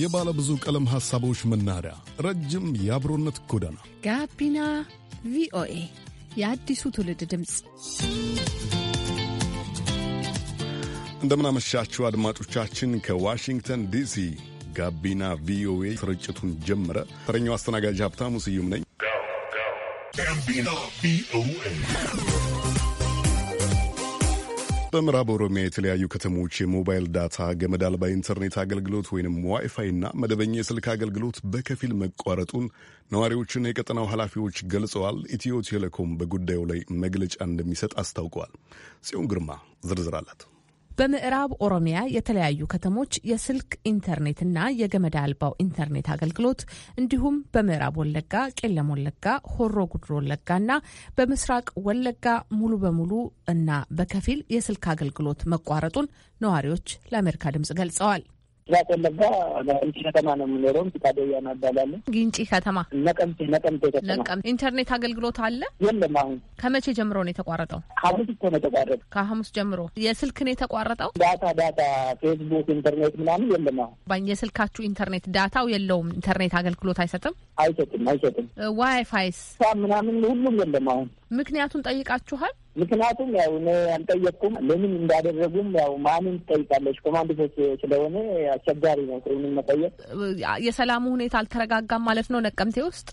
የባለ ብዙ ቀለም ሐሳቦች መናኸሪያ፣ ረጅም የአብሮነት ጎዳና ጋቢና ቪኦኤ የአዲሱ ትውልድ ድምፅ። እንደምናመሻችሁ አድማጮቻችን፣ ከዋሽንግተን ዲሲ ጋቢና ቪኦኤ ስርጭቱን ጀመረ። ተረኛው አስተናጋጅ ሀብታሙ ስዩም ነኝ። በምዕራብ ኦሮሚያ የተለያዩ ከተሞች የሞባይል ዳታ፣ ገመድ አልባ ኢንተርኔት አገልግሎት ዋይፋይ እና መደበኛ የስልክ አገልግሎት በከፊል መቋረጡን ነዋሪዎችና የቀጠናው ኃላፊዎች ገልጸዋል። ኢትዮ ቴሌኮም በጉዳዩ ላይ መግለጫ እንደሚሰጥ አስታውቀዋል። ጽዮን ግርማ ዝርዝር አላት። በምዕራብ ኦሮሚያ የተለያዩ ከተሞች የስልክ ኢንተርኔትና የገመድ አልባው ኢንተርኔት አገልግሎት እንዲሁም በምዕራብ ወለጋ ቄለም ወለጋ፣ ሆሮ ጉድሮ ወለጋና በምስራቅ ወለጋ ሙሉ በሙሉ እና በከፊል የስልክ አገልግሎት መቋረጡን ነዋሪዎች ለአሜሪካ ድምጽ ገልጸዋል። ስራት ወለጋ በእንቺ ከተማ ነው የምኖረው። ፊታደያ ናባላለ ግንጪ ከተማ ነቀምቴ ነቀምቴ ከተማ ኢንተርኔት አገልግሎት አለ የለም? አሁን ከመቼ ጀምሮ ነው የተቋረጠው? ከሐሙስ እኮ ነው የተቋረጠ። ከሐሙስ ጀምሮ የስልክ ነው የተቋረጠው። ዳታ ዳታ ፌስቡክ፣ ኢንተርኔት ምናምን የለም። አሁን የስልካችሁ ኢንተርኔት ዳታው የለውም። ኢንተርኔት አገልግሎት አይሰጥም አይሰጥም አይሰጥም። ዋይፋይስ ምናምን ሁሉም የለም አሁን ምክንያቱን ጠይቃችኋል? ምክንያቱም ያው እኔ አልጠየቅኩም። ለምን እንዳደረጉም ያው ማንም ትጠይቃለች። ኮማንድ ፖስት ስለሆነ አስቸጋሪ ነው ምን መጠየቅ። የሰላሙ ሁኔታ አልተረጋጋም ማለት ነው ነቀምቴ ውስጥ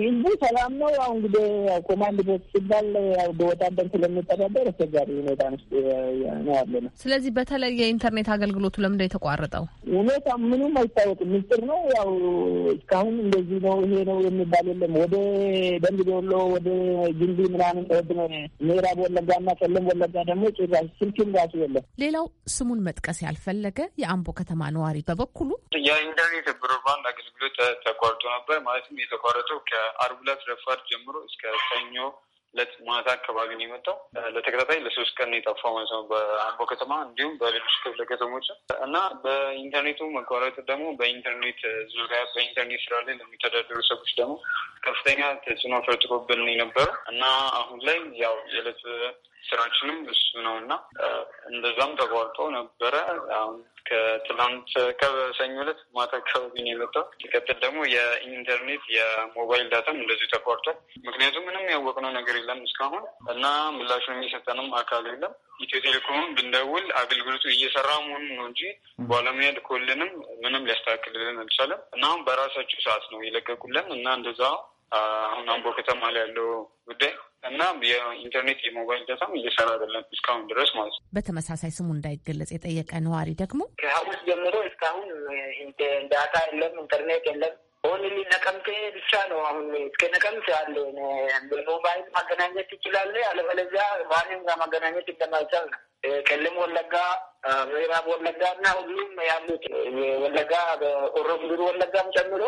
ህዝቡ ሰላም ነው። ያው እንግዲህ ኮማንድ ቦት ሲባል ያው በወታደር ስለሚተዳደር አስቸጋሪ ሁኔታ ነው ያለ ነው። ስለዚህ በተለይ የኢንተርኔት አገልግሎቱ ለምንድ የተቋረጠው ሁኔታ ምንም አይታወቅም፣ ምስጢር ነው። ያው እስካሁን እንደዚህ ነው ይሄ ነው የሚባል የለም። ወደ ደንብ ዶሎ፣ ወደ ግንቢ ምናምን ጠወድ ነው ምዕራብ ወለጋና ቄለም ወለጋ ደግሞ ጭራሽ ስልክም ራሱ የለም። ሌላው ስሙን መጥቀስ ያልፈለገ የአምቦ ከተማ ነዋሪ በበኩሉ የኢንተርኔት ብሮድባንድ አገልግሎት ተቋርጦ ነበር ማለትም የተቋረጠው ከአርብ ዕለት ረፋድ ጀምሮ እስከ ሰኞ ዕለት ማታ አካባቢ ነው የመጣው። ለተከታታይ ለሶስት ቀን የጠፋው ማለት ነው በአምቦ ከተማ እንዲሁም በሌሎች ክፍለ ከተሞች እና በኢንተርኔቱ መቋረጥ ደግሞ በኢንተርኔት ዙሪያ በኢንተርኔት ስራ ላይ ለሚተዳደሩ ሰዎች ደግሞ ከፍተኛ ተጽዕኖ ፈርጥሮብን የነበረው እና አሁን ላይ ያው የዕለት ስራችንም እሱ ነው እና እንደዛም ተቋርጦ ነበረ። አሁን ከትላንት ከሰኞ ዕለት ማታ አካባቢ ነው የመጣው። ሲቀጥል ደግሞ የኢንተርኔት የሞባይል ዳታም እንደዚሁ ተቋርጧል። ምክንያቱም ምንም ያወቅነው ነገር የለም እስካሁን እና ምላሹ የሚሰጠንም አካል የለም። ኢትዮ ቴሌኮምም ብንደውል አገልግሎቱ እየሰራ መሆኑን ነው እንጂ ባለሙያ ልኮልንም ምንም ሊያስተካክልልን አልቻለም እና አሁን በራሳቸው ሰዓት ነው የለቀቁልን እና እንደዛ አሁን አምቦ ከተማ ላይ ያለው ጉዳይ እና የኢንተርኔት የሞባይል ዳታም እየሰራ አይደለም እስካሁን ድረስ ማለት ነው። በተመሳሳይ ስሙ እንዳይገለጽ የጠየቀ ነዋሪ ደግሞ ከሀሙስ ጀምሮ እስካሁን ዳታ የለም፣ ኢንተርኔት የለም ኦንሊ ነቀምቴ ብቻ ነው። አሁን እስከ ነቀምቴ አለ በሞባይል ማገናኘት ይችላል። አለበለዚያ ባንም ጋር ማገናኘት እንደማይቻል ነው። ቄለም ወለጋ፣ ምዕራብ ወለጋ እና ሁሉም ያሉት የወለጋ ኦሮምዱር ወለጋም ጨምሮ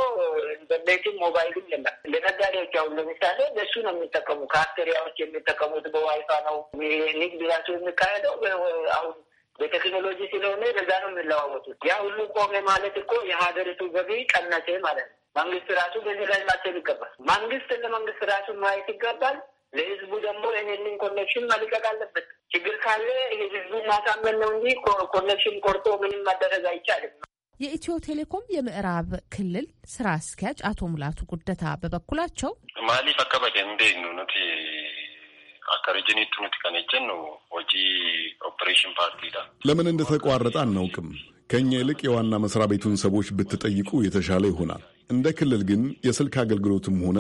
ኢንተርኔትም ሞባይልም የለም። ለነጋዴዎች አሁን ለምሳሌ ለሱ ነው የሚጠቀሙ። ካፍቴሪያዎች የሚጠቀሙት በዋይፋ ነው። ንግድ ራሱ የሚካሄደው አሁን በቴክኖሎጂ ስለሆነ በዛ ነው የሚለዋወጡት። ያ ሁሉ ቆሜ ማለት እኮ የሀገሪቱ ገቢ ቀነሴ ማለት ነው። መንግስት ራሱ በዚህ ላይ ማሰብ ይገባል። መንግስት እንደ መንግስት ራሱ ማየት ይገባል። ለህዝቡ ደግሞ ይሄንን ኮኔክሽን መልቀቅ አለበት። ችግር ካለ ህዝቡ ማሳመን ነው እንጂ ኮኔክሽን ቆርጦ ምንም ማደረግ አይቻልም። የኢትዮ ቴሌኮም የምዕራብ ክልል ስራ አስኪያጅ አቶ ሙላቱ ጉደታ በበኩላቸው ማሊፍ አካባቢ እንዴ ኑነት አካሬጅኒቱ ከነጀን ነው ወጪ ኦፕሬሽን ፓርቲ ለምን እንደተቋረጠ አናውቅም። ከእኛ ይልቅ የዋና መስሪያ ቤቱን ሰዎች ብትጠይቁ የተሻለ ይሆናል። እንደ ክልል ግን የስልክ አገልግሎትም ሆነ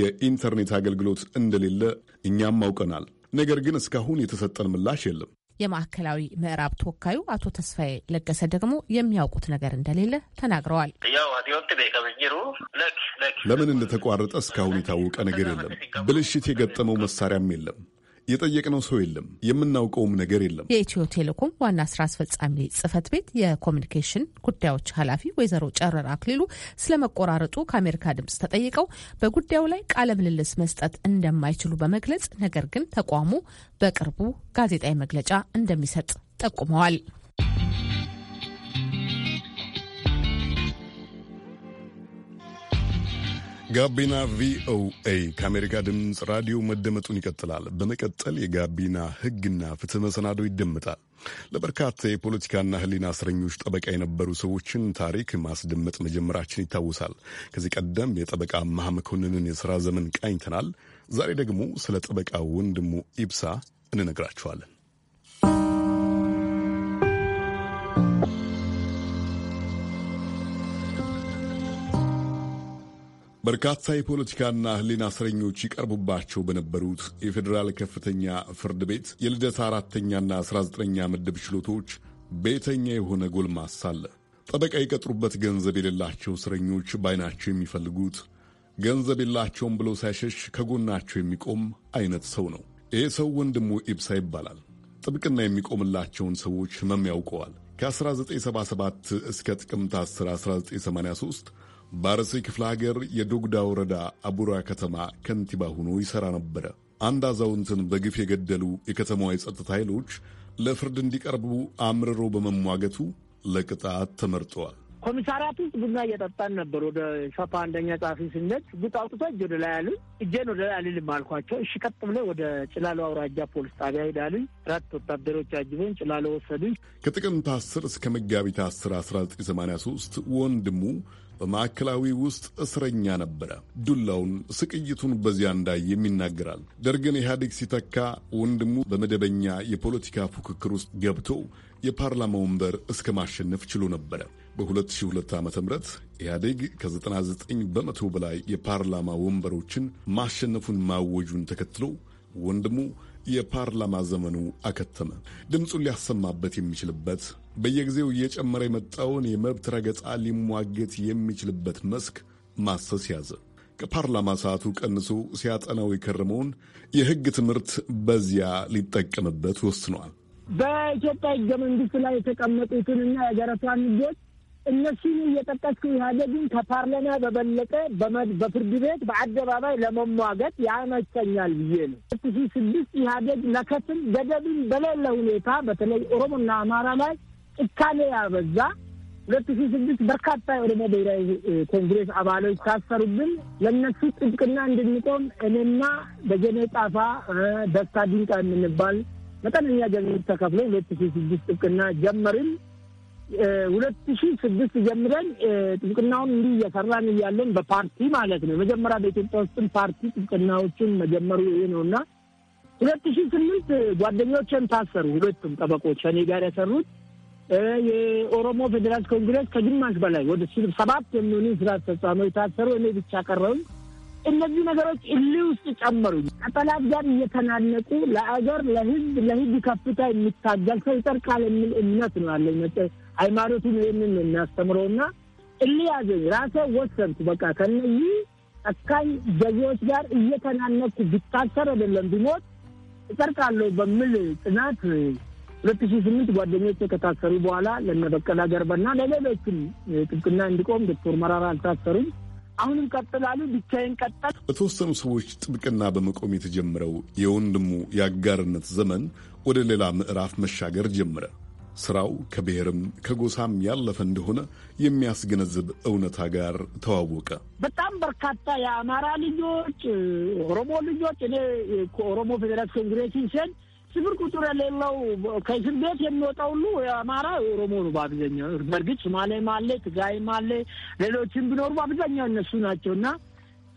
የኢንተርኔት አገልግሎት እንደሌለ እኛም አውቀናል። ነገር ግን እስካሁን የተሰጠን ምላሽ የለም። የማዕከላዊ ምዕራብ ተወካዩ አቶ ተስፋዬ ለገሰ ደግሞ የሚያውቁት ነገር እንደሌለ ተናግረዋል። ለምን እንደተቋረጠ እስካሁን የታወቀ ነገር የለም። ብልሽት የገጠመው መሳሪያም የለም። የጠየቅነው ሰው የለም፣ የምናውቀውም ነገር የለም። የኢትዮ ቴሌኮም ዋና ስራ አስፈጻሚ ጽህፈት ቤት የኮሚኒኬሽን ጉዳዮች ኃላፊ ወይዘሮ ጨረር አክሊሉ ስለ መቆራረጡ ከአሜሪካ ድምጽ ተጠይቀው በጉዳዩ ላይ ቃለ ምልልስ መስጠት እንደማይችሉ በመግለጽ ነገር ግን ተቋሙ በቅርቡ ጋዜጣዊ መግለጫ እንደሚሰጥ ጠቁመዋል። ጋቢና ቪኦኤ ከአሜሪካ ድምፅ ራዲዮ መደመጡን ይቀጥላል። በመቀጠል የጋቢና ሕግና ፍትህ መሰናዶ ይደመጣል። ለበርካታ የፖለቲካና ህሊና እስረኞች ጠበቃ የነበሩ ሰዎችን ታሪክ ማስደመጥ መጀመራችን ይታወሳል። ከዚህ ቀደም የጠበቃ መሐ መኮንንን የሥራ ዘመን ቃኝተናል። ዛሬ ደግሞ ስለ ጠበቃ ወንድሙ ኢብሳ እንነግራችኋለን። በርካታ የፖለቲካና ሕሊና እስረኞች ይቀርቡባቸው በነበሩት የፌዴራል ከፍተኛ ፍርድ ቤት የልደታ አራተኛና አስራ ዘጠነኛ ምድብ ችሎቶች ቤተኛ የሆነ ጎልማሳ አለ። ጠበቃ የቀጥሩበት ገንዘብ የሌላቸው እስረኞች በዓይናቸው የሚፈልጉት ገንዘብ የላቸውም ብለው ሳይሸሽ ከጎናቸው የሚቆም አይነት ሰው ነው። ይሄ ሰው ወንድሙ ኢብሳ ይባላል። ጥብቅና የሚቆምላቸውን ሰዎች ሕመም ያውቀዋል። ከ1977 እስከ ጥቅምት 10 1983 በአርሲ ክፍለ ሀገር የዶግዳ ወረዳ አቡራ ከተማ ከንቲባ ሆኖ ይሠራ ነበረ። አንድ አዛውንትን በግፍ የገደሉ የከተማዋ የጸጥታ ኃይሎች ለፍርድ እንዲቀርቡ አምርሮ በመሟገቱ ለቅጣት ተመርጠዋል። ኮሚሳሪያት ውስጥ ቡና እየጠጣን ነበር። ወደ ሻፓ አንደኛ ጸሐፊ ስነት ጉጥ አውጥቶ እጅ ወደ ላይ አልን። እጄን ወደ ላይ አልልም አልኳቸው። እሺ ቀጥ ብለ ወደ ጭላሎ አውራጃ ፖሊስ ጣቢያ ሄዳልኝ። አራት ወታደሮች አጅበን ጭላሎ ወሰዱኝ። ከጥቅምት አስር እስከ መጋቢት 10 ሶስት ወንድሙ በማዕከላዊ ውስጥ እስረኛ ነበረ። ዱላውን ስቅይቱን በዚያ እንዳይ የሚናገራል። ደርግን ኢህአዴግ ሲተካ ወንድሙ በመደበኛ የፖለቲካ ፉክክር ውስጥ ገብቶ የፓርላማ ወንበር እስከ ማሸነፍ ችሎ ነበረ። በ2002 ዓ ም ኢህአዴግ ከ99 በመቶ በላይ የፓርላማ ወንበሮችን ማሸነፉን ማወጁን ተከትሎ ወንድሙ የፓርላማ ዘመኑ አከተመ። ድምፁን ሊያሰማበት የሚችልበት በየጊዜው እየጨመረ የመጣውን የመብት ረገጣ ሊሟገት የሚችልበት መስክ ማሰስ ያዘ። ከፓርላማ ሰዓቱ ቀንሶ ሲያጠናው የከረመውን የሕግ ትምህርት በዚያ ሊጠቀምበት ወስኗል። በኢትዮጵያ ሕገ መንግስት ላይ የተቀመጡትንና የገረቷን ሕጎች እነሱን እየጠቀስኩ ኢህአዴግን ከፓርላማ በበለጠ በፍርድ ቤት በአደባባይ ለመሟገት ያመቸኛል ብዬ ነው። ሁለት ሺህ ስድስት ኢህአዴግ ለከትም ገደብን በሌለ ሁኔታ በተለይ ኦሮሞና አማራ ላይ ጭካኔ ያበዛ ሁለት ሺ ስድስት በርካታ የኦሮሞ ብሔራዊ ኮንግሬስ አባሎች ታሰሩብን። ለእነሱ ጥብቅና እንድንቆም እኔና በጀኔ ጣፋ ደስታ ድንቃ የምንባል መጠነኛ ገንዘብ ተከፍሎ ሁለት ሺ ስድስት ጥብቅና ጀመርን። ሁለት ሺ ስድስት ጀምረን ጥብቅናውን እንዲህ እየሰራን እያለን በፓርቲ ማለት ነው። መጀመሪያ በኢትዮጵያ ውስጥም ፓርቲ ጥብቅናዎችን መጀመሩ ይሄ ነው እና ሁለት ሺ ስምንት ጓደኞችን ታሰሩ። ሁለቱም ጠበቆች እኔ ጋር የሰሩት የኦሮሞ ፌዴራል ኮንግረስ ከግማሽ በላይ ወደ ሰባት የሚሆኑ ስራ አስፈጻሚዎች ታሰሩ። እኔ ብቻ ቀረውኝ። እነዚህ ነገሮች እልህ ውስጥ ጨመሩ። ከጠላት ጋር እየተናነቁ ለአገር፣ ለህዝብ፣ ለህግ ከፍታ የሚታገል ሰው ይጠርቃል የሚል እምነት ነው ያለኝ። መ ሃይማኖቱን ይህንን ነው የሚያስተምረው የሚያስተምረውና እልህ ያዘኝ። ራሴ ወሰንኩ። በቃ ከነዚህ ጨካኝ ገዢዎች ጋር እየተናነኩ ቢታሰር አይደለም ቢሞት እጠርቃለሁ በሚል ጥናት ሁለት ሺ ስምንት ጓደኞች ከታሰሩ በኋላ ለነበቀላ ገርባና ለሌሎችም ጥብቅና እንዲቆም ዶክተር መራራ አልታሰሩም። አሁንም ቀጥላሉ። ብቻዬን ቀጠል በተወሰኑ ሰዎች ጥብቅና በመቆም የተጀመረው የወንድሙ የአጋርነት ዘመን ወደ ሌላ ምዕራፍ መሻገር ጀመረ። ስራው ከብሔርም ከጎሳም ያለፈ እንደሆነ የሚያስገነዝብ እውነታ ጋር ተዋወቀ። በጣም በርካታ የአማራ ልጆች፣ ኦሮሞ ልጆች እኔ ከኦሮሞ ፌዴራል ኮንግሬሽን ሴንት ስምር ቁጥር የሌለው ከእስር ቤት የሚወጣ ሁሉ የአማራ የኦሮሞ ነው በአብዛኛው። በእርግጥ ሶማሌም አለ፣ ትግራይም አለ፣ ሌሎችም ቢኖሩ በአብዛኛው እነሱ ናቸው እና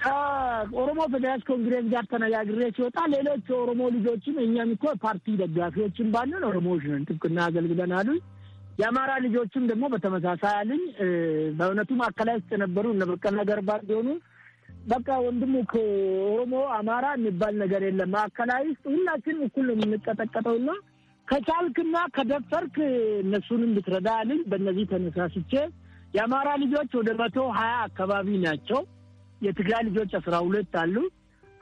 ከኦሮሞ ፌዴራልስ ኮንግሬስ ጋር ተነጋግሬ ሲወጣ ሌሎች የኦሮሞ ልጆችም እኛም እኮ ፓርቲ ደጋፊዎችን ባንን ኦሮሞዎች ነን ጥብቅና አገልግለን አሉኝ። የአማራ ልጆችም ደግሞ በተመሳሳይ አሉኝ። በእውነቱ ማዕከላዊ ውስጥ የነበሩ እነ በቀለ ገርባ ቢሆኑ በቃ ወንድሙ ከኦሮሞ አማራ የሚባል ነገር የለም። ማዕከላዊ ውስጥ ሁላችን እኩል ነው የምንቀጠቀጠውና ከቻልክና ከደፈርክ እነሱንም ብትረዳ በእነዚህ ተነሳስቼ የአማራ ልጆች ወደ መቶ ሀያ አካባቢ ናቸው። የትግራይ ልጆች አስራ ሁለት አሉ።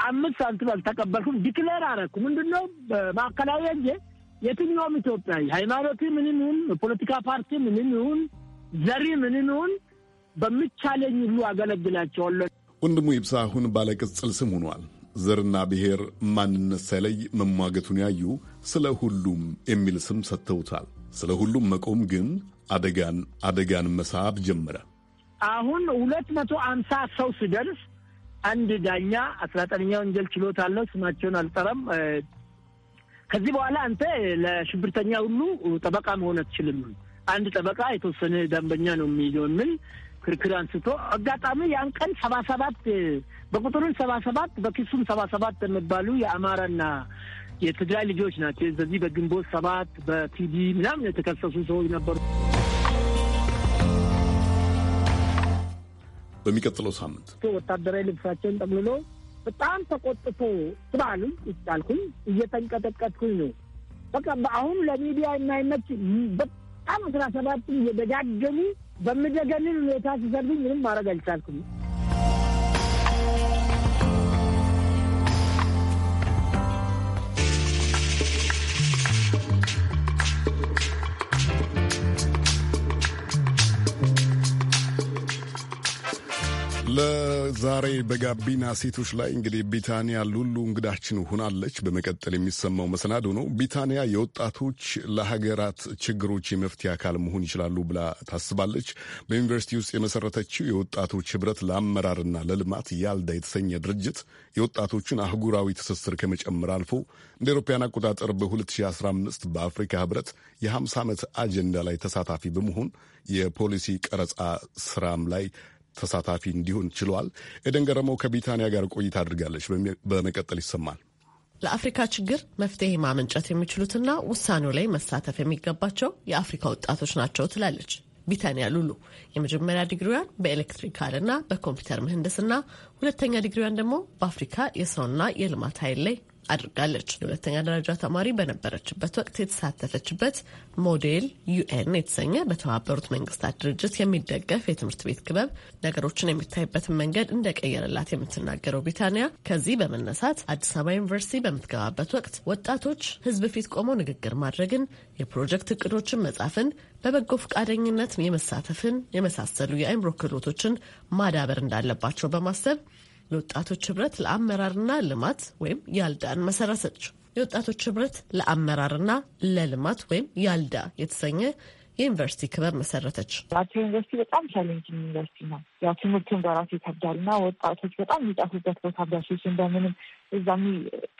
አምስት ሳንቲም አልተቀበልኩም። ዲክሌር አረኩ። ምንድነው በማዕከላዊ እንጂ የትኛውም ኢትዮጵያዊ ሃይማኖት ምንም ይሁን የፖለቲካ ፓርቲ ምንም ይሁን ዘሪ ምንም ይሁን በሚቻለኝ ሁሉ አገለግላቸዋለሁ። ወንድሙ ይብሳ አሁን ባለቅጽል ስም ሆኗል። ዘርና ብሔር ማንነት ሳይለይ መሟገቱን ያዩ ስለ ሁሉም የሚል ስም ሰጥተውታል። ስለ ሁሉም መቆም ግን አደጋን አደጋን መሳብ ጀመረ። አሁን ሁለት መቶ አምሳ ሰው ሲደርስ አንድ ዳኛ አስራ ዘጠነኛ ወንጀል ችሎት አለው። ስማቸውን አልጠረም። ከዚህ በኋላ አንተ ለሽብርተኛ ሁሉ ጠበቃ መሆን አትችልም። አንድ ጠበቃ የተወሰነ ደንበኛ ነው የሚለው የሚል ክርክር አንስቶ አጋጣሚ ያን ቀን ሰባ ሰባት በቁጥሩን ሰባ ሰባት በኪሱም ሰባ ሰባት የሚባሉ የአማራና የትግራይ ልጆች ናቸው። እዚህ በግንቦት ሰባት በቲዲ ምናምን የተከሰሱ ሰዎች ነበሩ። በሚቀጥለው ሳምንት ወታደራዊ ልብሳቸውን ጠቅልሎ በጣም ተቆጥቶ ስባሉ ይጫልኩኝ እየተንቀጠቀጥኩኝ ነው። በቃ አሁን ለሚዲያ የማይመች በጣም አስራ ሰባት እየደጋገሙ በምደገንን ሁኔታ ሲሰርብኝ ምንም ማድረግ አልቻልኩም። ዛሬ በጋቢና ሴቶች ላይ እንግዲህ ቢታንያ ሉሉ እንግዳችን ሆናለች። በመቀጠል የሚሰማው መሰናዶ ነው። ቢታንያ የወጣቶች ለሀገራት ችግሮች የመፍትሄ አካል መሆን ይችላሉ ብላ ታስባለች። በዩኒቨርሲቲ ውስጥ የመሰረተችው የወጣቶች ህብረት ለአመራርና ለልማት ያልዳ የተሰኘ ድርጅት የወጣቶቹን አህጉራዊ ትስስር ከመጨመር አልፎ እንደ አውሮፓውያን አቆጣጠር በ2015 በአፍሪካ ህብረት የ50 ዓመት አጀንዳ ላይ ተሳታፊ በመሆን የፖሊሲ ቀረጻ ስራም ላይ ተሳታፊ እንዲሆን ችሏል። ኤደን ገረመው ከብሪታንያ ጋር ቆይታ አድርጋለች። በመቀጠል ይሰማል። ለአፍሪካ ችግር መፍትሄ ማመንጨት የሚችሉትና ውሳኔው ላይ መሳተፍ የሚገባቸው የአፍሪካ ወጣቶች ናቸው ትላለች ቢታንያ ሉሉ። የመጀመሪያ ዲግሪዋን በኤሌክትሪካልና በኮምፒውተር ምህንድስና፣ ሁለተኛ ዲግሪዋን ደግሞ በአፍሪካ የሰውና የልማት ኃይል ላይ አድርጋለች። ሁለተኛ ደረጃ ተማሪ በነበረችበት ወቅት የተሳተፈችበት ሞዴል ዩኤን የተሰኘ በተባበሩት መንግስታት ድርጅት የሚደገፍ የትምህርት ቤት ክበብ ነገሮችን የሚታይበትን መንገድ እንደቀየረላት የምትናገረው ብሪታንያ ከዚህ በመነሳት አዲስ አበባ ዩኒቨርሲቲ በምትገባበት ወቅት ወጣቶች ህዝብ ፊት ቆመው ንግግር ማድረግን፣ የፕሮጀክት እቅዶችን መጻፍን፣ በበጎ ፈቃደኝነት የመሳተፍን የመሳሰሉ የአእምሮ ክህሎቶችን ማዳበር እንዳለባቸው በማሰብ የወጣቶች ህብረት ለአመራርና ልማት ወይም ያልዳን መሰረተች። የወጣቶች ህብረት ለአመራርና ለልማት ወይም ያልዳ የተሰኘ የዩኒቨርሲቲ ክበብ መሰረተች። አቶ ዩኒቨርሲቲ በጣም ቻሌንጅን ዩኒቨርሲቲ ነው። ያ ትምህርቱን በራሱ ይከብዳል እና ወጣቶች በጣም የሚጠፉበት ቦታ ዳሴሽ እንደምንም እዛ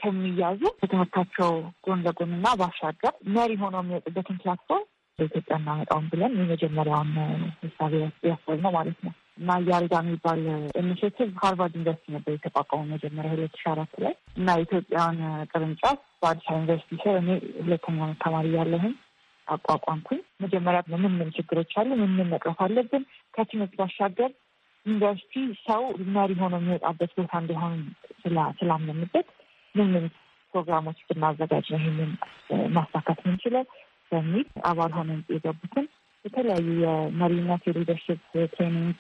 ከሚያዙ ከትምህርታቸው ጎን ለጎን እና ባሻገር መሪ ሆነው የሚወጡበትን ፕላትፎርም በኢትዮጵያ እናመጣውን ብለን የመጀመሪያውን ሀሳብ ያሰብ ነው ማለት ነው። እና እያረዳ የሚባል ኢኒሽቲቭ ሃርቫርድ ዩኒቨርሲቲ ነበር የተቋቋመ መጀመሪያ ሁለት ሺ አራት ላይ እና የኢትዮጵያን ቅርንጫፍ በአዲስ አበባ ዩኒቨርሲቲ ስር እኔ ሁለተኛ ተማሪ ያለህን አቋቋምኩኝ። መጀመሪያ ምን ምን ችግሮች አሉ፣ ምን ምን መቅረፍ አለብን፣ ከትምህርት ባሻገር ዩኒቨርሲቲ ሰው መሪ ሆኖ የሚወጣበት ቦታ እንዲሆን ስላምንበት ምን ምን ፕሮግራሞች ብናዘጋጅ ነው ይህንን ማሳካት ምንችለው በሚል አባል ሆነን የገቡትን የተለያዩ የመሪነት የሊደርሽፕ ትሬኒንግ፣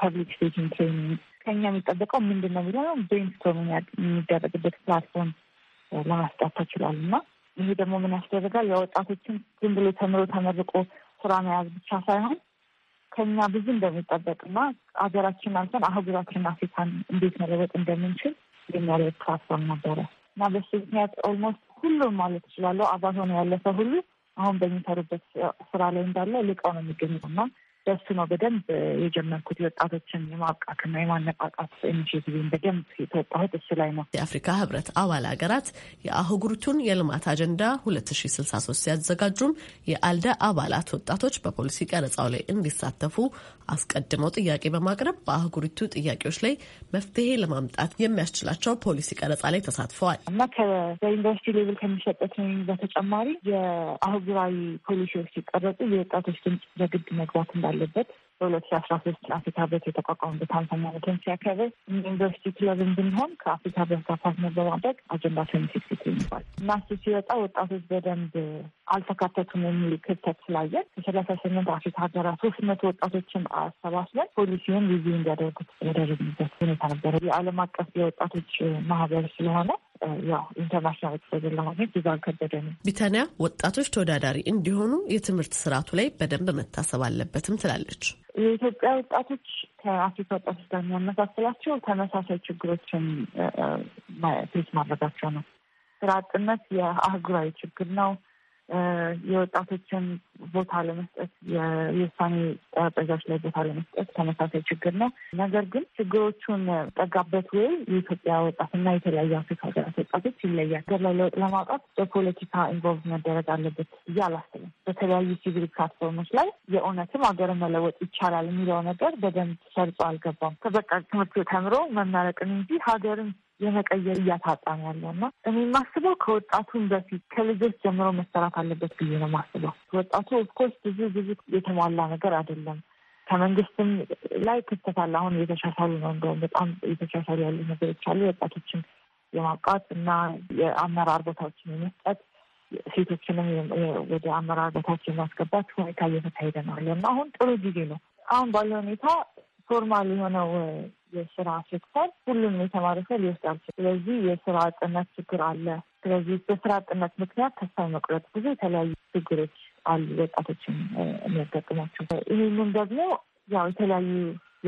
ፐብሊክ ስፒኪንግ ትሬኒንግ ከኛ የሚጠበቀው ምንድን ነው የሚለው ብሬንስቶርም የሚደረግበት ፕላትፎርም ለማስጣት ተችሏል እና ይሄ ደግሞ ምን ያስደረጋል? የወጣቶችን ዝም ብሎ ተምሮ ተመርቆ ስራ መያዝ ብቻ ሳይሆን ከኛ ብዙ እንደሚጠበቅ እንደሚጠበቅና አገራችን አልፈን አህጉራችን አፍሪካን እንዴት መለወጥ እንደምንችል የሚያደርግ ፕላትፎርም ነበረ እና በሱ ምክንያት ኦልሞስት ሁሉም ማለት እችላለሁ አባት ሆነ ያለፈ ሁሉ አሁን በሚሰሩበት ስራ ላይ እንዳለ ልቀው ነው የሚገኙት እና በሱ ነው በደንብ የጀመርኩት የወጣቶችን የማብቃትና የማነቃቃት ኢኒሽቲቭን በደንብ የተወጣሁት እሱ ላይ ነው። የአፍሪካ ህብረት አባል ሀገራት የአህጉሪቱን የልማት አጀንዳ 2063 ሲያዘጋጁም የአልደ አባላት ወጣቶች በፖሊሲ ቀረጻው ላይ እንዲሳተፉ አስቀድመው ጥያቄ በማቅረብ በአህጉሪቱ ጥያቄዎች ላይ መፍትሄ ለማምጣት የሚያስችላቸው ፖሊሲ ቀረጻ ላይ ተሳትፈዋል እና ከዩኒቨርሲቲ ሌቭል ከሚሰጠት በተጨማሪ የአህጉራዊ ፖሊሲዎች ሲቀረጹ የወጣቶች ድምጽ በግድ መግባት እንዳለ ባለበት በሁለት ሺ አስራ ሶስት አፍሪካ ህብረት የተቋቋመበት ሀምሳኛ ዓመትን ሲያከብር ዩኒቨርሲቲ ክለብን ብንሆን ከአፍሪካ ህብረት ጋር ፓርትነር በማድረግ አጀንዳ ፌሚሲክስ ይባል እና እሱ ሲወጣ ወጣቶች በደንብ አልተካተቱም የሚል ክፍተት ስላየን ከሰላሳ ስምንት አፍሪካ ሀገራት ሶስት መቶ ወጣቶችን አሰባስበን ፖሊሲውን ሪቪው እንዲያደርጉት ያደረግንበት ሁኔታ ነበረ። የዓለም አቀፍ የወጣቶች ማህበር ስለሆነ ያው ኢንተርናሽናል ኤክስፖዘር ለማግኘት ብዙ ነው። ቢታንያ ወጣቶች ተወዳዳሪ እንዲሆኑ የትምህርት ስርዓቱ ላይ በደንብ መታሰብ አለበትም ትላለች። የኢትዮጵያ ወጣቶች ከአፍሪካ ወጣቶች ጋር የሚያመሳስላቸው ተመሳሳይ ችግሮችን ፌስ ማድረጋቸው ነው። ስራ አጥነት የአህጉራዊ ችግር ነው። የወጣቶችን ቦታ ለመስጠት የውሳኔ ጠረጴዛዎች ላይ ቦታ ለመስጠት ተመሳሳይ ችግር ነው። ነገር ግን ችግሮቹን ጠጋበት ወይ የኢትዮጵያ ወጣትና የተለያዩ አፍሪካ ሀገራት ወጣቶች ይለያል። ገር ላይ ለውጥ ለማውጣት በፖለቲካ ኢንቮልቭ መደረግ አለበት ብዬ አላስብም። በተለያዩ ሲቪል ፕላትፎርሞች ላይ የእውነትም ሀገርን መለወጥ ይቻላል የሚለው ነገር በደንብ ሰርጾ አልገባም። በቃ ትምህርት ተምሮ መመረቅን እንጂ ሀገርን የመቀየር እያታጣን ያለው እና እኔ ማስበው ከወጣቱን በፊት ከልጆች ጀምሮ መሰራት አለበት ብዬ ነው ማስበው። ወጣቱ ኦፍኮርስ ብዙ ብዙ የተሟላ ነገር አይደለም። ከመንግስትም ላይ ክፍተት አለ። አሁን እየተሻሻሉ ነው፣ እንደውም በጣም እየተሻሻሉ ያሉ ነገሮች አሉ። ወጣቶችን የማብቃት እና የአመራር ቦታዎችን የመስጠት ሴቶችንም ወደ አመራር ቦታዎች የማስገባት ሁኔታ እየተካሄደ ነው ያለ እና አሁን ጥሩ ጊዜ ነው። አሁን ባለ ሁኔታ ፎርማል የሆነው የስራ ሴክተር ሁሉም የተማረ ሰው ሊወስድ አልችል። ስለዚህ የስራ አጥነት ችግር አለ። ስለዚህ በስራ አጥነት ምክንያት ተስፋ መቁረጥ፣ ብዙ የተለያዩ ችግሮች አሉ ወጣቶችን የሚያጋጥማቸው። ይህንም ደግሞ ያው የተለያዩ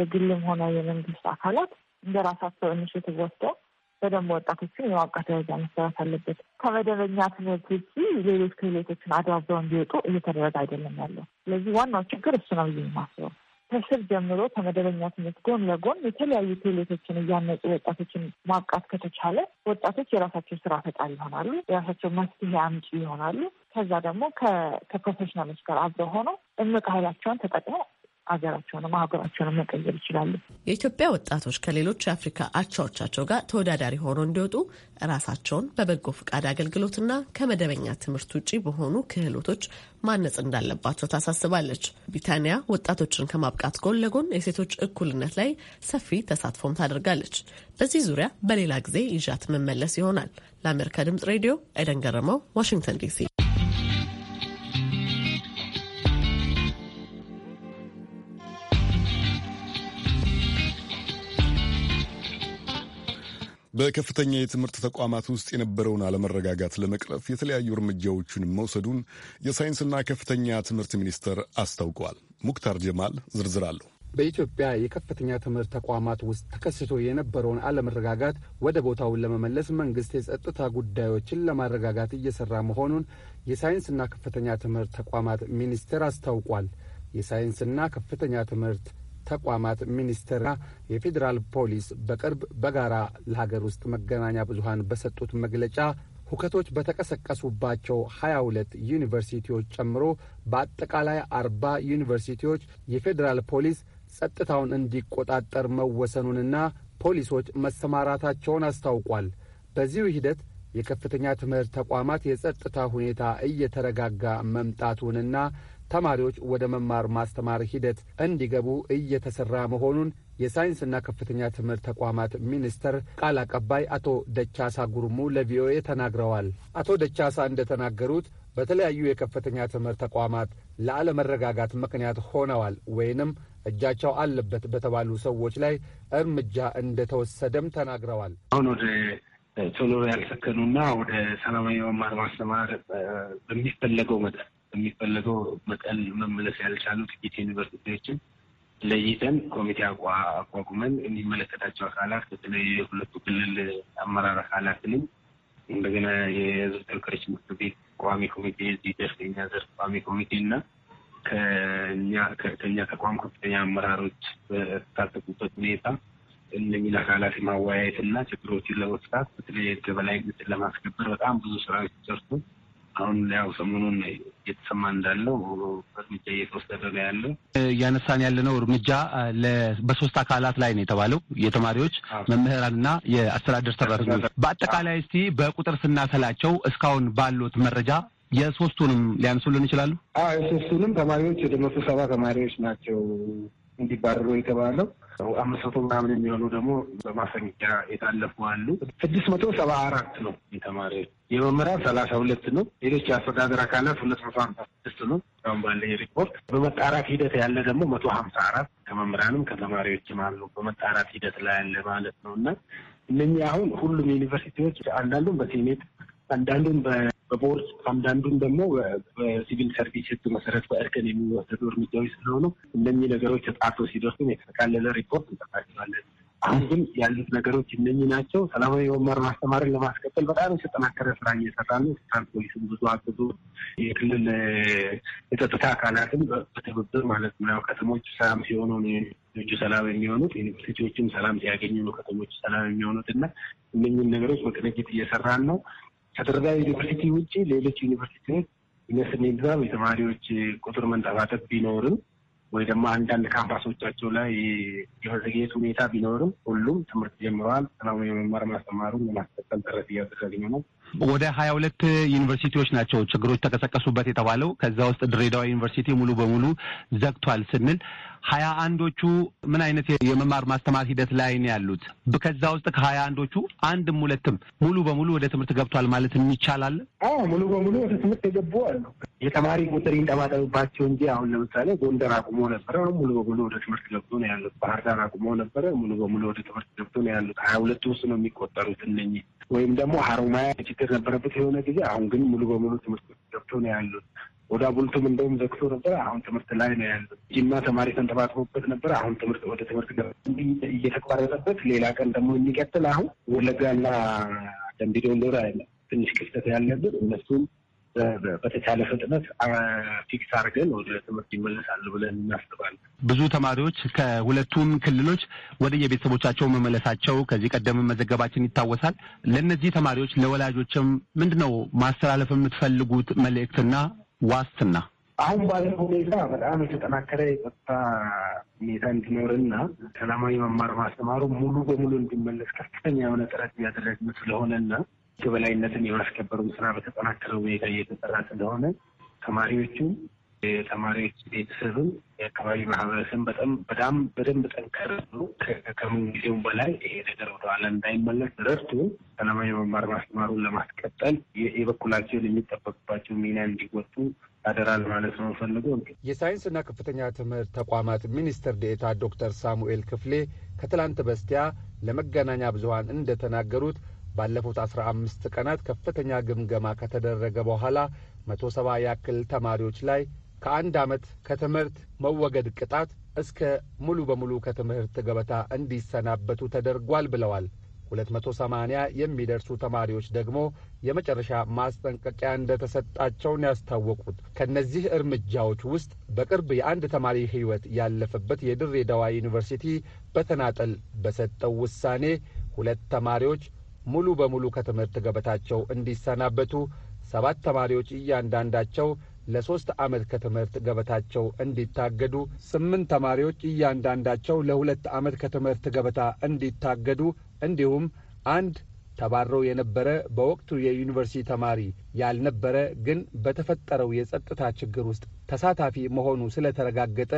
የግልም ሆነ የመንግስት አካላት እንደ ራሳቸው ኢኒሽቲቭ ወስደው በደንብ ወጣቶችን የማብቃት ደረጃ መሰራት አለበት። ከመደበኛ ትምህርት ውጭ ሌሎች ክህሎቶችን አዳብረው እንዲወጡ እየተደረገ አይደለም ያለው። ስለዚህ ዋናው ችግር እሱ ነው ብዬ የማስበው። ከስር ጀምሮ ከመደበኛ ትምህርት ጎን ለጎን የተለያዩ ክህሎቶችን እያነጹ ወጣቶችን ማብቃት ከተቻለ ወጣቶች የራሳቸው ስራ ፈጣሪ ይሆናሉ፣ የራሳቸው መፍትሄ አምጪ ይሆናሉ። ከዛ ደግሞ ከፕሮፌሽናሎች ጋር አብረው ሆነው እምቅ ኃይላቸውን ተጠቅመው አገራቸውንም ሀገራቸውንም መቀየር ይችላሉ። የኢትዮጵያ ወጣቶች ከሌሎች የአፍሪካ አቻዎቻቸው ጋር ተወዳዳሪ ሆኖ እንዲወጡ ራሳቸውን በበጎ ፈቃድ አገልግሎትና ከመደበኛ ትምህርት ውጪ በሆኑ ክህሎቶች ማነጽ እንዳለባቸው ታሳስባለች። ቢታንያ ወጣቶችን ከማብቃት ጎን ለጎን የሴቶች እኩልነት ላይ ሰፊ ተሳትፎም ታደርጋለች። በዚህ ዙሪያ በሌላ ጊዜ ይዣት መመለስ ይሆናል። ለአሜሪካ ድምጽ ሬዲዮ ኤደን ገረመው፣ ዋሽንግተን ዲሲ በከፍተኛ የትምህርት ተቋማት ውስጥ የነበረውን አለመረጋጋት ለመቅረፍ የተለያዩ እርምጃዎችን መውሰዱን የሳይንስና ከፍተኛ ትምህርት ሚኒስቴር አስታውቋል። ሙክታር ጀማል ዝርዝር አለሁ። በኢትዮጵያ የከፍተኛ ትምህርት ተቋማት ውስጥ ተከስቶ የነበረውን አለመረጋጋት ወደ ቦታውን ለመመለስ መንግስት የጸጥታ ጉዳዮችን ለማረጋጋት እየሰራ መሆኑን የሳይንስና ከፍተኛ ትምህርት ተቋማት ሚኒስቴር አስታውቋል። የሳይንስና ከፍተኛ ትምህርት ተቋማት ሚኒስቴርና የፌዴራል ፖሊስ በቅርብ በጋራ ለሀገር ውስጥ መገናኛ ብዙሀን በሰጡት መግለጫ ሁከቶች በተቀሰቀሱባቸው 22 ዩኒቨርሲቲዎች ጨምሮ በአጠቃላይ 40 ዩኒቨርሲቲዎች የፌዴራል ፖሊስ ጸጥታውን እንዲቆጣጠር መወሰኑንና ፖሊሶች መሰማራታቸውን አስታውቋል። በዚሁ ሂደት የከፍተኛ ትምህርት ተቋማት የጸጥታ ሁኔታ እየተረጋጋ መምጣቱንና ተማሪዎች ወደ መማር ማስተማር ሂደት እንዲገቡ እየተሰራ መሆኑን የሳይንስና ከፍተኛ ትምህርት ተቋማት ሚኒስቴር ቃል አቀባይ አቶ ደቻሳ ጉርሙ ለቪኦኤ ተናግረዋል። አቶ ደቻሳ እንደተናገሩት በተለያዩ የከፍተኛ ትምህርት ተቋማት ለአለመረጋጋት ምክንያት ሆነዋል ወይንም እጃቸው አለበት በተባሉ ሰዎች ላይ እርምጃ እንደተወሰደም ተናግረዋል። አሁን ወደ ቶሎ ያልሰከኑና ወደ ሰላማዊ መማር ማስተማር በሚፈለገው መጠን የሚፈለገው መጠን መመለስ ያልቻሉ ጥቂት ዩኒቨርሲቲዎችን ለይተን ኮሚቴ አቋቁመን የሚመለከታቸው አካላት በተለይ የሁለቱ ክልል አመራር አካላትንም እንደገና የህዝብ ተወካዮች ምክር ቤት ቋሚ ኮሚቴ እዚህ ደስተኛ ዘርፍ ቋሚ ኮሚቴ እና ከእኛ ተቋም ከፍተኛ አመራሮች በተሳተፉበት ሁኔታ እነሚል አካላት ማወያየት እና ችግሮችን ለመፍታት በተለይ ህግ የበላይነትን ለማስከበር በጣም ብዙ ስራዎች ተሰርቶ አሁን ያው ሰሞኑን እየተሰማ እንዳለው እርምጃ እየተወሰደ ነው ያለው። እያነሳን ያለነው እርምጃ በሶስት አካላት ላይ ነው የተባለው የተማሪዎች መምህራንና የአስተዳደር ሰራተኞች። በአጠቃላይ እስቲ በቁጥር ስናሰላቸው እስካሁን ባሉት መረጃ የሶስቱንም ሊያነሱልን ይችላሉ? የሶስቱንም ተማሪዎች የደመሱ ሰባ ተማሪዎች ናቸው እንዲባረሩ የተባለው አምስት መቶ ምናምን የሚሆኑ ደግሞ በማፈንቂያ የታለፉ አሉ። ስድስት መቶ ሰባ አራት ነው የተማሪ የመምህራን ሰላሳ ሁለት ነው። ሌሎች የአስተዳደር አካላት ሁለት መቶ ሀምሳ ስድስት ነው። አሁን ባለ ሪፖርት በመጣራት ሂደት ያለ ደግሞ መቶ ሀምሳ አራት ከመምህራንም ከተማሪዎችም አሉ በመጣራት ሂደት ላይ ያለ ማለት ነው እና እነኚህ አሁን ሁሉም ዩኒቨርሲቲዎች አንዳንዱም በሴኔት አንዳንዱም በቦርድ አንዳንዱም ደግሞ በሲቪል ሰርቪስ ህግ መሰረት በእርቅን የሚወሰዱ እርምጃዎች ስለሆኑ እነኚህ ነገሮች ተጣርቶ ሲደርሱም የተጠቃለለ ሪፖርት እንጠፋቸዋለን። አሁን ግን ያሉት ነገሮች እነኚህ ናቸው። ሰላማዊ የመማር ማስተማርን ለማስቀጠል በጣም የተጠናከረ ስራ እየሰራ ነው። ስታን ፖሊስም ብዙ አግዞ የክልል የጸጥታ አካላትም በትብብር ማለት ነው። ከተሞች ሰላም ሲሆኑ ዩኒቨርሲቲዎቹ ሰላም የሚሆኑት፣ ዩኒቨርሲቲዎችም ሰላም ሲያገኙ ነው ከተሞች ሰላም የሚሆኑት እና እነኚህን ነገሮች በቅንጅት እየሰራን ነው። ከድሬዳዋ ዩኒቨርሲቲ ውጭ ሌሎች ዩኒቨርሲቲዎች ይመስል የተማሪዎች ቁጥር መንጠባጠብ ቢኖርም ወይ ደግሞ አንዳንድ ካምፓሶቻቸው ላይ የመዘግየት ሁኔታ ቢኖርም ሁሉም ትምህርት ጀምረዋል። ሰላማዊ የመማር ማስተማሩን ለማስቀጠል ጥረት እያደረግን ነው። ወደ ሀያ ሁለት ዩኒቨርሲቲዎች ናቸው ችግሮች ተቀሰቀሱበት የተባለው። ከዛ ውስጥ ድሬዳዋ ዩኒቨርሲቲ ሙሉ በሙሉ ዘግቷል ስንል ሀያ አንዶቹ ምን አይነት የመማር ማስተማር ሂደት ላይ ነው ያሉት? ከዛ ውስጥ ከሀያ አንዶቹ አንድም ሁለትም ሙሉ በሙሉ ወደ ትምህርት ገብቷል ማለት ይቻላል? አዎ ሙሉ በሙሉ ወደ ትምህርት የገቡ አሉ። የተማሪ ቁጥር ይንጠባጠብባቸው እንጂ አሁን ለምሳሌ ጎንደር አቁሞ ነበረ፣ ሙሉ በሙሉ ወደ ትምህርት ገብቶ ነው ያሉት። ባህር ዳር አቁሞ ነበረ፣ ሙሉ በሙሉ ወደ ትምህርት ገብቶ ነው ያሉት። ሀያ ሁለቱ ውስጥ ነው የሚቆጠሩት እነኚህ። ወይም ደግሞ ሀሮማያ ችግር ነበረበት የሆነ ጊዜ፣ አሁን ግን ሙሉ በሙሉ ትምህርት ገብቶ ነው ያሉት። ወደ አቡልቱም እንደውም ዘግቶ ነበር። አሁን ትምህርት ላይ ነው ያለ። ጅማ ተማሪ ተንተባጥቦበት ነበር። አሁን ትምህርት ወደ ትምህርት እየተቋረጠበት፣ ሌላ ቀን ደግሞ የሚቀጥል አሁን ወለጋና ደንቢዶሎ ያለ ትንሽ ክፍተት ያለብን እነሱም በተቻለ ፍጥነት ፊክስ አድርገን ወደ ትምህርት ይመለሳሉ ብለን እናስባለን። ብዙ ተማሪዎች ከሁለቱም ክልሎች ወደ የቤተሰቦቻቸው መመለሳቸው ከዚህ ቀደም መዘገባችን ይታወሳል። ለእነዚህ ተማሪዎች ለወላጆችም ምንድን ነው ማስተላለፍ የምትፈልጉት መልእክትና ዋስትና አሁን ባለው ሁኔታ በጣም የተጠናከረ የጸጥታ ሁኔታ እንዲኖርና ሰላማዊ መማር ማስተማሩ ሙሉ በሙሉ እንዲመለስ ከፍተኛ የሆነ ጥረት እያደረግን ስለሆነና ህግ የበላይነትን የማስከበሩን ስራ በተጠናከረ ሁኔታ እየተጠራ ስለሆነ ተማሪዎቹ የተማሪዎች ቤተሰብም የአካባቢ ማህበረሰብ በጣም በጣም በደንብ ጠንከር ከምን ጊዜውም በላይ ይሄ ነገር ኋላ እንዳይመለስ ረድቶ ሰላማዊ መማር ማስተማሩን ለማስቀጠል የበኩላቸውን የሚጠበቅባቸው ሚና እንዲወጡ አደራል ማለት ነው ፈልገው የሳይንስና ከፍተኛ ትምህርት ተቋማት ሚኒስትር ዴኤታ ዶክተር ሳሙኤል ክፍሌ ከትላንት በስቲያ ለመገናኛ ብዙሀን እንደተናገሩት ባለፉት አስራ አምስት ቀናት ከፍተኛ ግምገማ ከተደረገ በኋላ መቶ ሰባ ያክል ተማሪዎች ላይ ከአንድ ዓመት ከትምህርት መወገድ ቅጣት እስከ ሙሉ በሙሉ ከትምህርት ገበታ እንዲሰናበቱ ተደርጓል ብለዋል። 280 የሚደርሱ ተማሪዎች ደግሞ የመጨረሻ ማስጠንቀቂያ እንደተሰጣቸውን ያስታወቁት። ከእነዚህ እርምጃዎች ውስጥ በቅርብ የአንድ ተማሪ ሕይወት ያለፈበት የድሬዳዋ ዩኒቨርሲቲ በተናጠል በሰጠው ውሳኔ ሁለት ተማሪዎች ሙሉ በሙሉ ከትምህርት ገበታቸው እንዲሰናበቱ፣ ሰባት ተማሪዎች እያንዳንዳቸው ለሶስት ዓመት ከትምህርት ገበታቸው እንዲታገዱ፣ ስምንት ተማሪዎች እያንዳንዳቸው ለሁለት ዓመት ከትምህርት ገበታ እንዲታገዱ እንዲሁም አንድ ተባረው የነበረ በወቅቱ የዩኒቨርሲቲ ተማሪ ያልነበረ ግን በተፈጠረው የጸጥታ ችግር ውስጥ ተሳታፊ መሆኑ ስለተረጋገጠ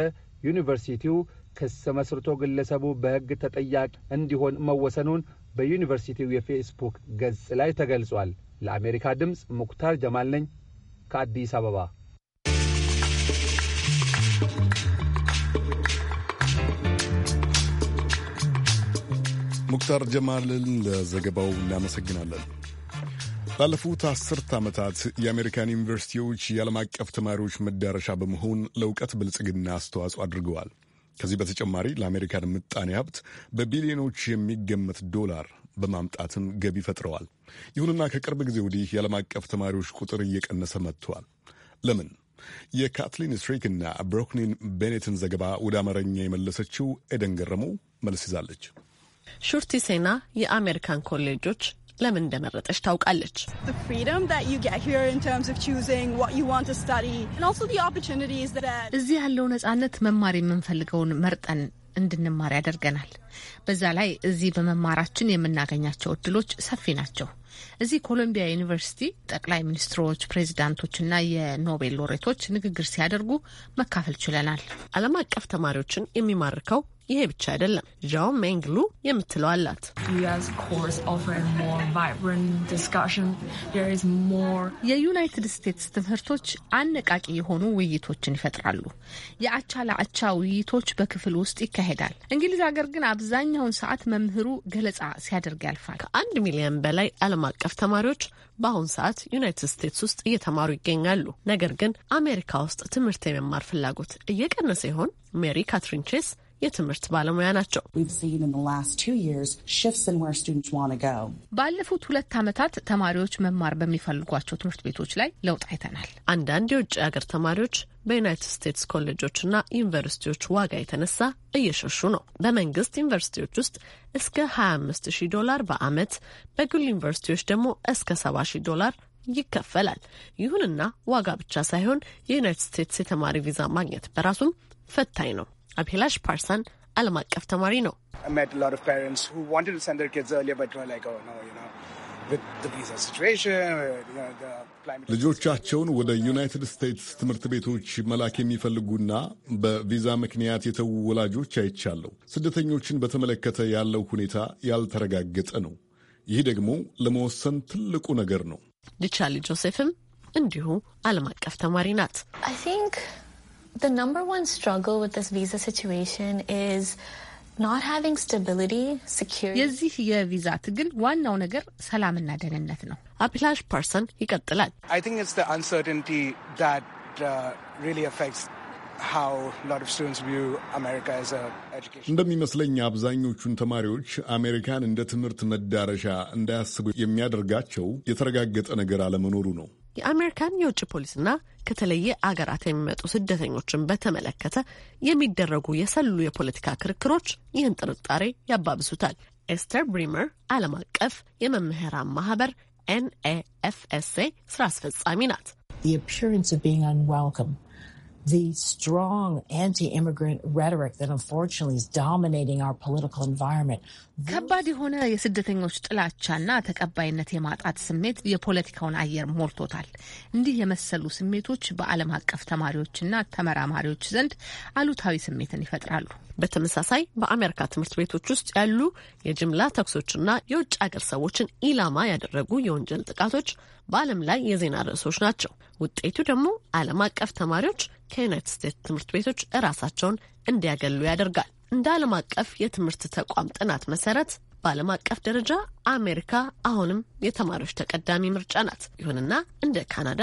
ዩኒቨርሲቲው ክስ መስርቶ ግለሰቡ በሕግ ተጠያቂ እንዲሆን መወሰኑን በዩኒቨርሲቲው የፌስቡክ ገጽ ላይ ተገልጿል። ለአሜሪካ ድምፅ ሙክታር ጀማል ነኝ ከአዲስ አበባ። ሙክታር ጀማልን ለዘገባው እናመሰግናለን። ላለፉት አስርት ዓመታት የአሜሪካን ዩኒቨርሲቲዎች የዓለም አቀፍ ተማሪዎች መዳረሻ በመሆን ለእውቀት ብልጽግና አስተዋጽኦ አድርገዋል። ከዚህ በተጨማሪ ለአሜሪካን ምጣኔ ሀብት በቢሊዮኖች የሚገመት ዶላር በማምጣትም ገቢ ፈጥረዋል። ይሁንና ከቅርብ ጊዜ ወዲህ የዓለም አቀፍ ተማሪዎች ቁጥር እየቀነሰ መጥቷል። ለምን? የካትሊን ስትሪክ እና ብሮክኒን ቤኔትን ዘገባ ወደ አማርኛ የመለሰችው ኤደን ገረመው መልስ ይዛለች። ሹርቲ ሴና የአሜሪካን ኮሌጆች ለምን እንደመረጠች ታውቃለች። እዚህ ያለው ነጻነት መማር የምንፈልገውን መርጠን እንድንማር ያደርገናል። በዛ ላይ እዚህ በመማራችን የምናገኛቸው እድሎች ሰፊ ናቸው። እዚህ ኮሎምቢያ ዩኒቨርሲቲ ጠቅላይ ሚኒስትሮች፣ ፕሬዚዳንቶችና የኖቤል ሎሬቶች ንግግር ሲያደርጉ መካፈል ችለናል። ዓለም አቀፍ ተማሪዎችን የሚማርከው ይሄ ብቻ አይደለም። ዣው ሜንግሉ የምትለው አላት። የዩናይትድ ስቴትስ ትምህርቶች አነቃቂ የሆኑ ውይይቶችን ይፈጥራሉ። የአቻ ለአቻ ውይይቶች በክፍል ውስጥ ይካሄዳል። እንግሊዝ ሀገር ግን አብዛኛውን ሰዓት መምህሩ ገለጻ ሲያደርግ ያልፋል። ከአንድ ሚሊዮን በላይ ዓለም አቀፍ አቀፍ ተማሪዎች በአሁን ሰዓት ዩናይትድ ስቴትስ ውስጥ እየተማሩ ይገኛሉ። ነገር ግን አሜሪካ ውስጥ ትምህርት የመማር ፍላጎት እየቀነሰ ይሆን? ሜሪ ካትሪን ቼስ የትምህርት ባለሙያ ናቸው። ባለፉት ሁለት ዓመታት ተማሪዎች መማር በሚፈልጓቸው ትምህርት ቤቶች ላይ ለውጥ አይተናል። አንዳንድ የውጭ ሀገር ተማሪዎች በዩናይትድ ስቴትስ ኮሌጆችና ዩኒቨርሲቲዎች ዋጋ የተነሳ እየሸሹ ነው። በመንግስት ዩኒቨርሲቲዎች ውስጥ እስከ 25 ሺህ ዶላር በአመት በግል ዩኒቨርሲቲዎች ደግሞ እስከ 70 ሺህ ዶላር ይከፈላል። ይሁንና ዋጋ ብቻ ሳይሆን የዩናይትድ ስቴትስ የተማሪ ቪዛ ማግኘት በራሱም ፈታኝ ነው። አብሄላሽ ፓርሳን ዓለም አቀፍ ተማሪ ነው። oh, uh, ልጆቻቸውን ወደ ዩናይትድ ስቴትስ ትምህርት ቤቶች መላክ የሚፈልጉና በቪዛ ምክንያት የተዉ ወላጆች አይቻለሁ። ስደተኞችን በተመለከተ ያለው ሁኔታ ያልተረጋገጠ ነው። ይህ ደግሞ ለመወሰን ትልቁ ነገር ነው። ልቻሊ ጆሴፍም እንዲሁ ዓለም አቀፍ ተማሪ ናት። The number one struggle with this visa situation is not having stability, security. የዚህ የቪዛ ትግል ዋናው ነገር ሰላምና ደህንነት ነው። አፕላሽ ፐርሰን ይቀጥላል። I think it's the uncertainty that uh, really affects እንደሚመስለኝ አብዛኞቹን ተማሪዎች አሜሪካን እንደ ትምህርት መዳረሻ እንዳያስቡ የሚያደርጋቸው የተረጋገጠ ነገር አለመኖሩ ነው። የአሜሪካን የውጭ ፖሊስና ከተለየ አገራት የሚመጡ ስደተኞችን በተመለከተ የሚደረጉ የሰሉ የፖለቲካ ክርክሮች ይህን ጥርጣሬ ያባብሱታል። ኤስተር ብሪመር ዓለም አቀፍ የመምህራን ማህበር ኤንኤኤፍኤስኤ ስራ አስፈጻሚ ናት። The appearance of being unwelcome the strong anti-immigrant rhetoric that unfortunately is dominating our political environment. ከባድ የሆነ የስደተኞች ጥላቻና ተቀባይነት የማጣት ስሜት የፖለቲካውን አየር ሞልቶታል። እንዲህ የመሰሉ ስሜቶች በዓለም አቀፍ ተማሪዎችና ተመራማሪዎች ዘንድ አሉታዊ ስሜትን ይፈጥራሉ። በተመሳሳይ በአሜሪካ ትምህርት ቤቶች ውስጥ ያሉ የጅምላ ተኩሶችና የውጭ አገር ሰዎችን ኢላማ ያደረጉ የወንጀል ጥቃቶች በዓለም ላይ የዜና ርዕሶች ናቸው። ውጤቱ ደግሞ ዓለም አቀፍ ተማሪዎች ከዩናይትድ ስቴትስ ትምህርት ቤቶች ራሳቸውን እንዲያገሉ ያደርጋል። እንደ ዓለም አቀፍ የትምህርት ተቋም ጥናት መሰረት በዓለም አቀፍ ደረጃ አሜሪካ አሁንም የተማሪዎች ተቀዳሚ ምርጫ ናት። ይሁንና እንደ ካናዳ፣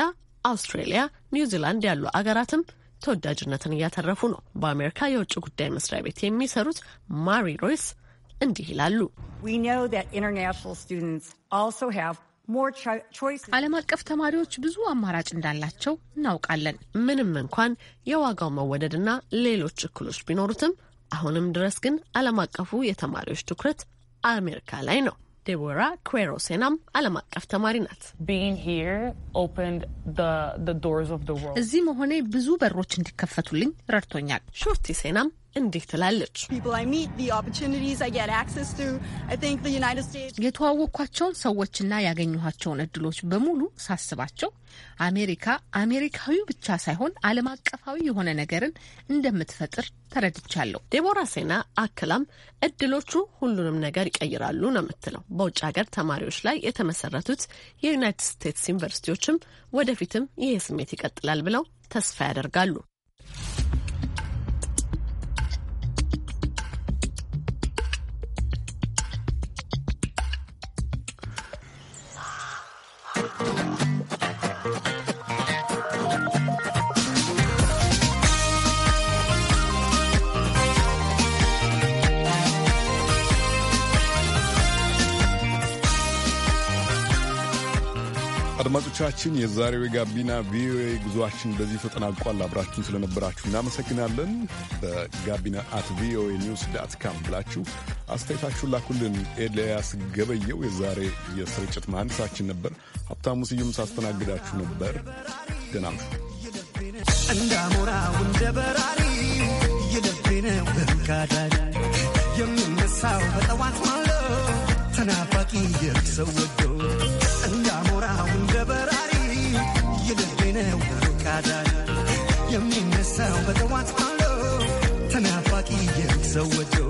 አውስትሬሊያ፣ ኒውዚላንድ ያሉ አገራትም ተወዳጅነትን እያተረፉ ነው። በአሜሪካ የውጭ ጉዳይ መስሪያ ቤት የሚሰሩት ማሪ ሮይስ እንዲህ ይላሉ። ዓለም አቀፍ ተማሪዎች ብዙ አማራጭ እንዳላቸው እናውቃለን። ምንም እንኳን የዋጋው መወደድና ሌሎች እክሎች ቢኖሩትም አሁንም ድረስ ግን ዓለም አቀፉ የተማሪዎች ትኩረት አሜሪካ ላይ ነው። ዴቦራ ኩዌሮ ሴናም ዓለም አቀፍ ተማሪ ናት። እዚህ መሆኔ ብዙ በሮች እንዲከፈቱልኝ ረድቶኛል። ሾርቲ ሴናም እንዲህ ትላለች። የተዋወቅኳቸውን ሰዎችና ያገኘኋቸውን እድሎች በሙሉ ሳስባቸው አሜሪካ አሜሪካዊ ብቻ ሳይሆን ዓለም አቀፋዊ የሆነ ነገርን እንደምትፈጥር ተረድቻለሁ። ዴቦራ ሴና አክላም እድሎቹ ሁሉንም ነገር ይቀይራሉ ነው የምትለው። በውጭ ሀገር ተማሪዎች ላይ የተመሰረቱት የዩናይትድ ስቴትስ ዩኒቨርሲቲዎችም ወደፊትም ይሄ ስሜት ይቀጥላል ብለው ተስፋ ያደርጋሉ። አድማጮቻችን የዛሬው የጋቢና ቪኦኤ ጉዞአችን በዚህ ተጠናቋል። አብራችሁን ስለነበራችሁ እናመሰግናለን። በጋቢና አት ቪኦኤ ኒውስ ዳት ካም ብላችሁ አስተያየታችሁን ላኩልን። ኤልያስ ገበየው የዛሬ የስርጭት መሐንዲሳችን ነበር። ሀብታሙ ስዩም ሳስተናግዳችሁ ነበር። ደህና እንደ በራሪ የልቤነው የምነሳው በጠዋት ማለው ተናፋቂ የሰወደው ነው ፈቃዳ የሚነሳው በጠዋት አለው ተናፋቂ የሰወጀው